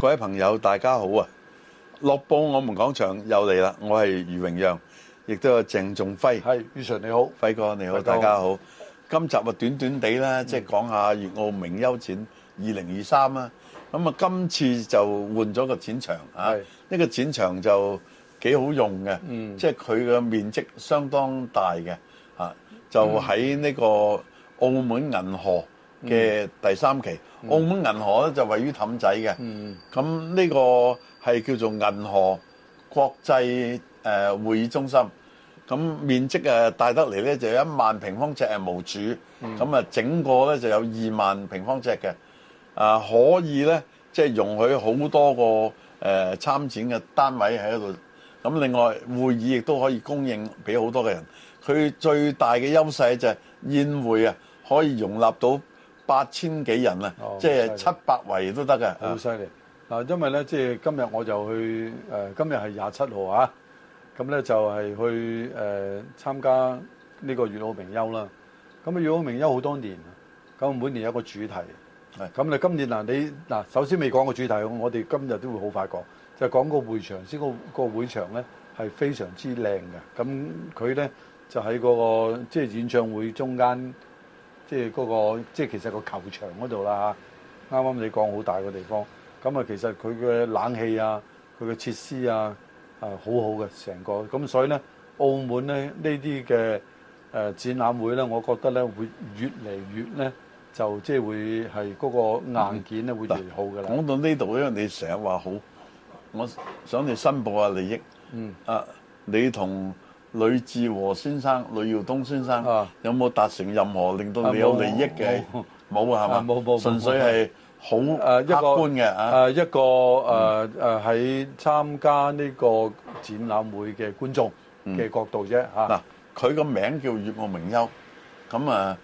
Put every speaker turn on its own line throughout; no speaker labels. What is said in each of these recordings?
各位朋友，大家好啊！樂報我們講場又嚟啦，我係余榮讓，亦都有鄭仲輝。係余 Sir 你好，輝哥你好，輝好，大家好。今集啊，短短地啦，嗯，即係講下粵澳名優展二零二三啦。咁啊，今次就換咗個展場啊，呢、這個展場就幾好用嘅，嗯，即係佢嘅面積相當大嘅，啊、就喺呢個澳門銀河。嗯嗯嘅第三期，嗯嗯、澳門銀河咧就位於氹仔嘅。咁、嗯、呢個係叫做銀河國際誒、呃、會議中心，咁面積誒大得嚟，咧就有一萬平方尺係無主，咁、嗯、啊整個咧就有二萬平方尺嘅，啊、呃、可以咧即係容許好多個誒參、呃、展嘅單位喺度，咁另外會議亦都可以供應俾好多嘅人，佢最大嘅優勢就係宴會啊可以容納到。八千幾人啊、哦，即係七
百圍都得嘅，好犀利嗱。因為咧，即係今日我就去誒、呃，今日係廿七號啊，咁咧就係去誒、呃、參加呢個粵澳名優啦。咁啊，粵澳名優好多年，咁每年有一個主題。咁你今年嗱、呃，你嗱、呃、首先未講個主題，我哋今日都會好快講，就係、講個會場先。個個會場咧係非常之靚嘅，咁佢咧就喺嗰、那個即係、就是、演唱會中間。即係嗰個，即係其實個球場嗰度啦嚇，啱啱你講好大個地方，咁啊其實佢嘅冷氣啊，佢嘅設施啊，啊係好好嘅成個，咁所以咧，澳門咧呢啲嘅誒展覽會咧，我覺得咧會越嚟越咧就即係會係嗰個硬件咧會越嚟越好㗎啦。講
到呢度因為，你成日話好，我想你申報下利益。嗯。啊，你同。呂志和先生、呂耀東先
生有冇達成任何令到你有利益嘅？冇啊，係嘛？冇冇冇，純粹係好誒一般嘅啊！一個誒誒喺參加呢個展覽會嘅觀眾嘅角度啫嚇。嗱，佢個名叫粵澳
名優，咁啊，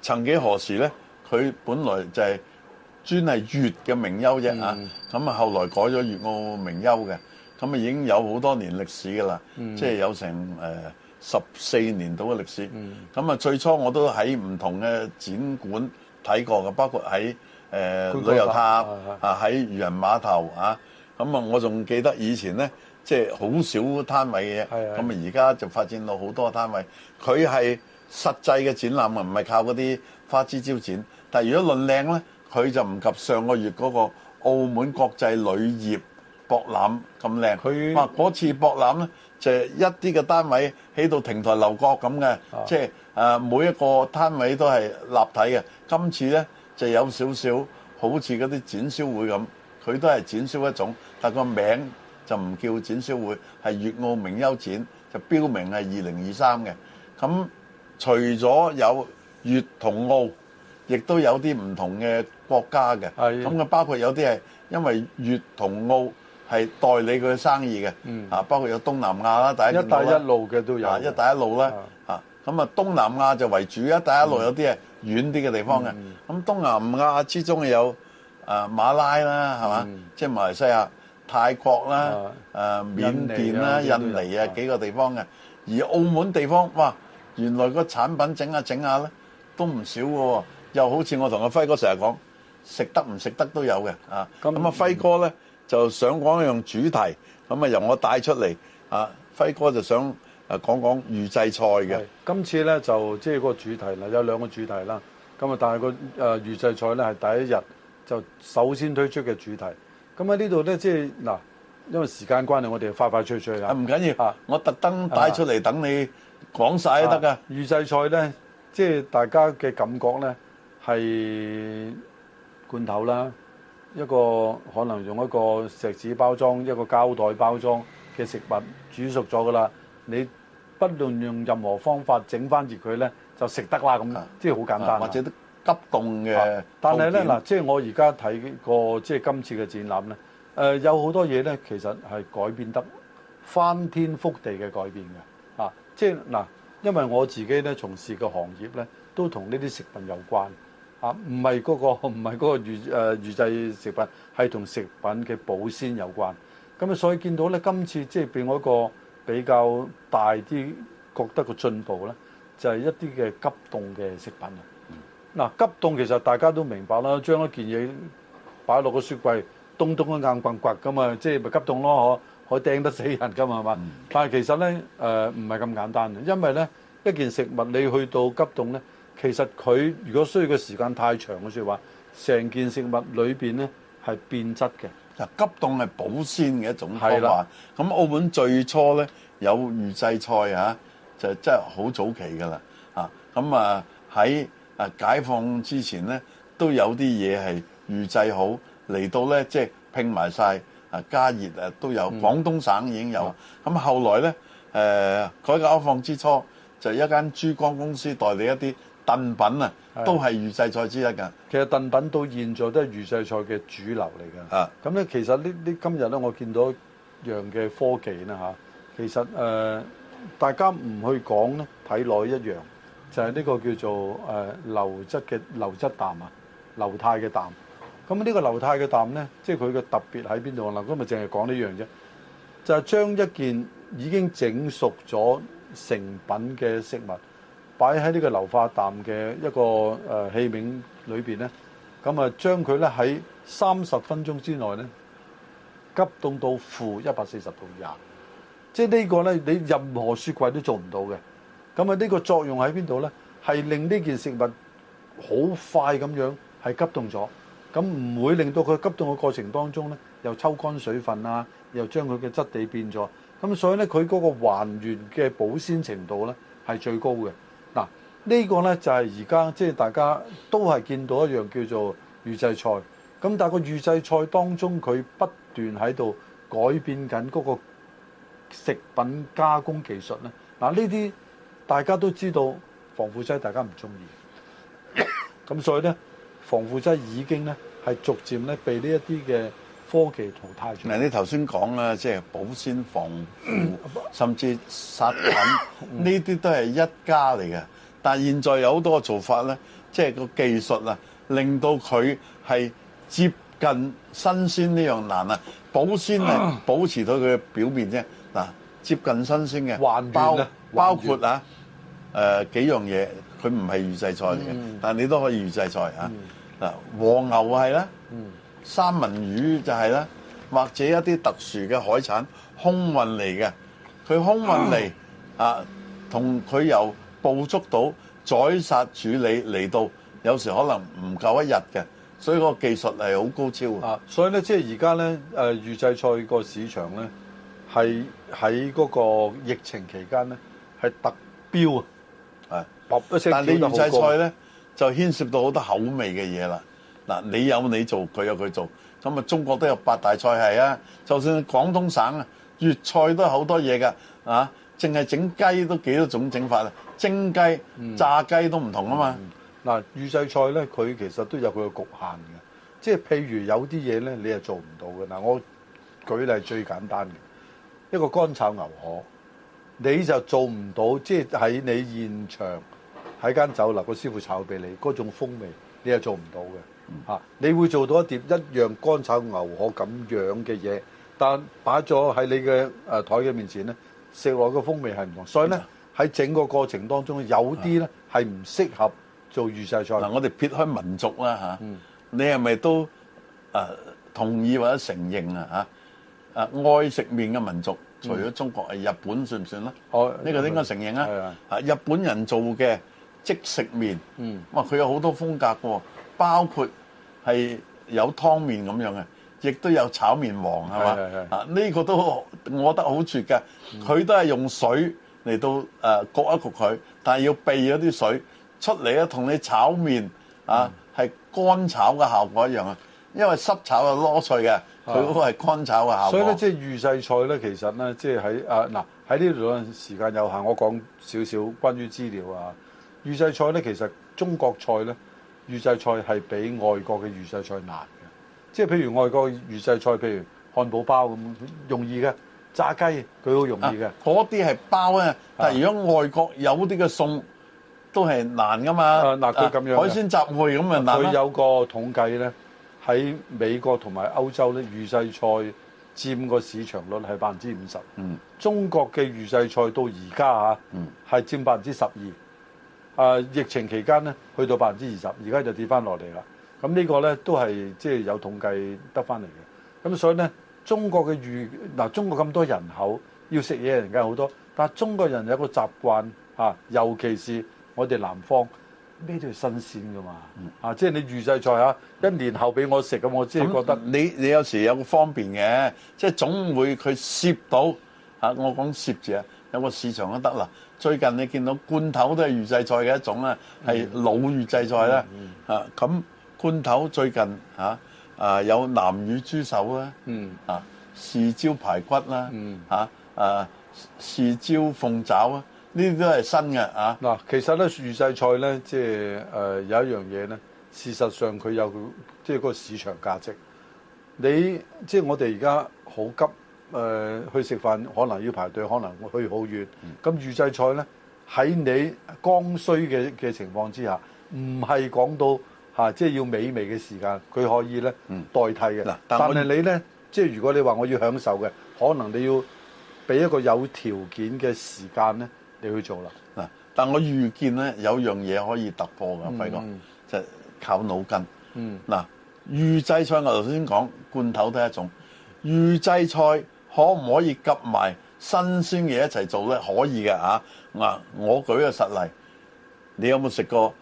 曾幾何時咧？佢本來就係專係粵嘅名優啫嚇，咁啊後來改咗粵澳名優嘅。咁啊已經有好多年歷史㗎啦，即係有成誒十四年到嘅歷史。咁啊最初我都喺唔同嘅展館睇過嘅，包括喺誒、呃、旅遊塔啊，喺漁人碼頭啊。咁啊我仲記得以前咧，即係好少攤位嘅，咁啊而家就發展到好多攤位。佢係實際嘅展覽啊，唔係靠嗰啲花枝招展。但係如果論靚咧，佢就唔及上個月嗰個澳門國際旅業。博覽咁靚，哇！嗰次博覽呢就係一啲嘅單位起到亭台樓閣咁嘅，即係誒每一個攤位都係立體嘅。今次呢就有少少好似嗰啲展銷會咁，佢都係展銷一種，但個名就唔叫展銷會，係粵澳名優展，就標明係二零二三嘅。咁除咗有粵同澳，亦都有啲唔同嘅國家嘅，咁啊包括有啲係因為粵同澳。係代理佢生意嘅，啊，包括有東南亞啦，第一帶一路嘅都有，一帶一路啦啊，咁啊東南亞就為主，一帶一路有啲係遠啲嘅地方嘅，咁東南亞之中有啊馬拉啦，係嘛，即係馬來西亞、泰國啦、啊緬甸啦、印尼啊幾個地方嘅，而澳門地方，哇，原來個產品整下整下咧都唔少喎，又好似我同阿輝哥成日講，食得唔食得都有嘅，啊，咁啊輝哥咧。就想講一樣主題，咁啊由我
帶出嚟。啊，輝哥就想啊講講預製菜嘅。今次咧就即係個主題啦，有兩個主題啦。咁啊，但係個誒預製菜咧係第一日就首先推出嘅主題。咁喺呢度咧，即係嗱，因為時間關係，我哋快快脆脆嚇。唔緊要，我特登帶出嚟等你講晒都得㗎。預製菜咧，即係大家嘅感覺咧係罐頭啦。一個可能用一個錫紙包裝、一個膠袋包裝嘅食物煮熟咗噶啦，你不論用任何方法整翻熱佢呢就食得啦，咁，即係好簡單。或者啲急凍嘅，但係呢，嗱，即係我而家睇過即係今次嘅展覽呢，誒、呃、有好多嘢呢，其實係改變得翻天覆地嘅改變嘅，啊，即係嗱，因為我自己呢，從事嘅行業呢，都同呢啲食品有關。啊，唔係嗰個，唔係嗰個預誒預製食品，係同食品嘅保鮮有關。咁啊，所以見到咧，今次即係俾我一個比較大啲覺得個進步咧，就係一啲嘅急凍嘅食品啊。嗱，急凍其實大家都明白啦，將一件嘢擺落個雪櫃，凍凍一硬棍掘㗎嘛，即係咪急凍咯？可可掟得死人㗎嘛係嘛？但係其實咧誒唔係咁簡單嘅，因為咧一件食物你去到急凍咧。其實佢如果需要嘅時間太長嘅説話，成件食物裏邊咧係變質嘅。嗱，急凍係保鮮嘅一種方法。咁
澳門最初咧有預製菜嚇，就真係好早期㗎啦。啊，咁啊喺啊解放之前咧都有啲嘢係預製好嚟到咧，即係拼埋晒，啊加熱啊都有。廣東省已經有咁、嗯、後來咧誒、呃、改革開放之初，就一間珠江公
司代理一啲。燉品啊，都係預製菜之一噶。其實燉品到現在都係預製菜嘅主流嚟噶。啊，咁咧其實呢呢今日咧我見到一樣嘅科技啦嚇，其實誒大家唔去講咧，睇落一樣就係呢個叫做誒流質嘅流質氮啊，流態嘅氮。咁呢個流態嘅氮咧，即係佢嘅特別喺邊度啦？咁咪淨係講呢樣啫，就係將一件已經整熟咗成品嘅食物。擺喺呢個流化氮嘅一個誒器皿裏邊咧，咁啊，將佢咧喺三十分鐘之內咧急凍到負一百四十度二啊！即係呢個咧，你任何雪櫃都做唔到嘅。咁啊，呢個作用喺邊度咧？係令呢件食物好快咁樣係急凍咗，咁唔會令到佢急凍嘅過程當中咧又抽乾水分啊，又將佢嘅質地變咗。咁所以咧，佢嗰個還原嘅保鮮程度咧係最高嘅。呢、個呢，就係而家即係大家都係見到一樣叫做預製菜，咁但係個預製菜當中佢不斷喺度改變緊嗰個食品加工技術呢，嗱，呢啲大家都知道防腐劑，大家唔中意，咁所以呢，防腐劑已經呢係逐漸咧被呢一啲嘅科技淘汰咗。嗱，你
頭先講啦，即係保鮮、防腐，甚至殺菌，呢啲都係一家嚟嘅。但係現在有好多嘅做法咧，即係個技術啊，令到佢係接近新鮮呢樣難啊，保鮮係保持到佢嘅表面啫。嗱，接近新鮮嘅，包包括啊，誒幾樣嘢，佢唔係預製菜嚟嘅，但係你都可以預製菜啊。嗱，和牛係啦，三文魚就係啦，或者一啲特殊嘅海產空運嚟嘅，佢空運嚟啊，同佢有，捕捉到宰殺處理嚟到，有時可能唔夠一日嘅，所以嗰個技術
係好高超啊，所以咧，即係而家咧，誒，預製菜個市場咧，係喺嗰個疫情期間咧，係特標啊，啊，但係你預製菜咧，
就牽涉到好多口味嘅嘢啦。嗱，你有你做，佢有佢做，咁啊，中國都有八大菜係啊。就算廣東省啊，粵菜都好多嘢㗎啊，淨係整雞都幾多種整法蒸雞、嗯、炸
雞都唔同啊嘛！嗱、嗯嗯，預製菜呢，佢其實都有佢嘅局限嘅。即係譬如有啲嘢呢，你係做唔到嘅嗱。我舉例最簡單嘅一個乾炒牛河，你就做唔到，即係喺你現場喺間酒樓個師傅炒俾你嗰種風味，你係做唔到嘅嚇。你會做到一碟一樣乾炒牛河咁樣嘅嘢，但擺咗喺你嘅誒、呃、枱嘅面前呢，食落個風味係唔同，所以呢，嗯喺整個過程當中，有啲咧係唔適合做預製菜。嗱、啊，
我哋撇開民族啦嚇、啊嗯，你係咪都啊、呃、同意或者承認啊嚇？啊，愛食麵嘅民族，除咗中國，係、嗯、日本算唔算咧？哦，呢、呢個應該承認啊！啊，日本人做嘅即食麵，哇、嗯，佢有好多風格嘅，包括係有湯麵咁樣嘅，亦都有炒麵王係嘛、啊啊？啊，呢、呢個都我覺得好絕嘅，佢都係用水。嚟到誒、呃、焗一焗佢，但係要避咗啲水出嚟咧，同你炒麵啊係乾、嗯、炒嘅效果一樣啊，因為濕炒係攞脆嘅，佢嗰個係乾炒嘅效果。所以咧，即
係預製菜咧，其實咧，即係喺啊嗱，喺呢度時間有限，我講少少關於資料啊。預製菜咧，其實中國菜咧，預製菜係比外國嘅預製菜難嘅。即係譬如外國預製菜，譬如漢堡包咁，容易嘅。炸雞佢好容易嘅，嗰啲係包咧。但係如果外國有啲嘅餸都係難噶嘛。嗱、啊，佢咁樣、啊。海鮮雜餚咁咪難。佢有個統計咧，喺美國同埋歐洲咧，預製菜佔個市場率係百分之五十。嗯。中國嘅預製菜到而家嚇，係、嗯、佔百分之十二。啊，疫情期間咧，去到百分之二十，而家就跌翻落嚟啦。咁呢個咧都係即係有統計得翻嚟嘅。咁所以咧。中國嘅預嗱，中國咁多人口要食嘢，人梗係好多。但係中國人有一個習慣嚇，尤其是我哋南方，呢啲係新鮮㗎嘛嚇、嗯啊，即係你預製菜嚇一年後俾我食咁、嗯，我只係覺得、嗯、你你有時候有個方便嘅，即係總會佢攝到
嚇、啊。我講攝住啊，有個市場都得啦。最近你見到罐頭都係預製菜嘅一種啦，係、嗯、老預製菜啦嚇。咁、嗯嗯啊、罐頭最近嚇。啊啊！有南乳豬手啦、啊嗯，啊，豉椒排骨啦，嚇
啊，豉、嗯、椒、啊啊、鳳爪啊，呢啲都係新嘅嚇。嗱，其實咧預製菜咧，即係誒有一樣嘢咧，事實上佢有即係、就是、個市場價值。你即係、就是、我哋而家好急誒、呃、去食飯，可能要排隊，可能去好遠。咁預製菜咧喺你剛需嘅嘅情況之下，唔係講到。啊，即係要美味嘅時間，佢可以咧、嗯、代替嘅。嗱，但係你咧，即係如果你話我要享受嘅，可能你要俾一個有條件嘅時間咧，你去做啦。嗱，但我預見咧有
一樣嘢可以突破嘅，輝、嗯、哥就係、靠腦筋。嗯。嗱、嗯，預製菜我頭先講罐頭都係一種。預製菜可唔可以夾埋新鮮嘢一齊做咧？可以嘅嚇。嗱、啊，我舉個實例，你有冇食過？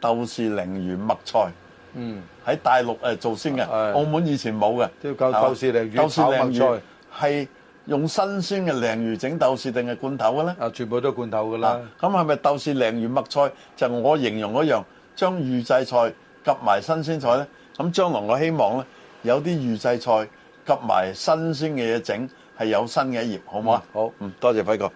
豆豉鯪魚麥菜，嗯，喺大陸誒做先嘅，澳門以前冇嘅。豆豉鯪魚炒麥菜係用新鮮嘅鯪魚整豆豉定係罐頭嘅咧？啊，全部都罐頭㗎啦。咁係咪豆豉鯪魚麥菜就我形容嗰樣，將預製菜夾埋新鮮菜咧？咁將來我希望咧，有啲預製菜夾埋新鮮嘅嘢整，係有新嘅一頁，好唔好啊？好，嗯，多謝輝哥。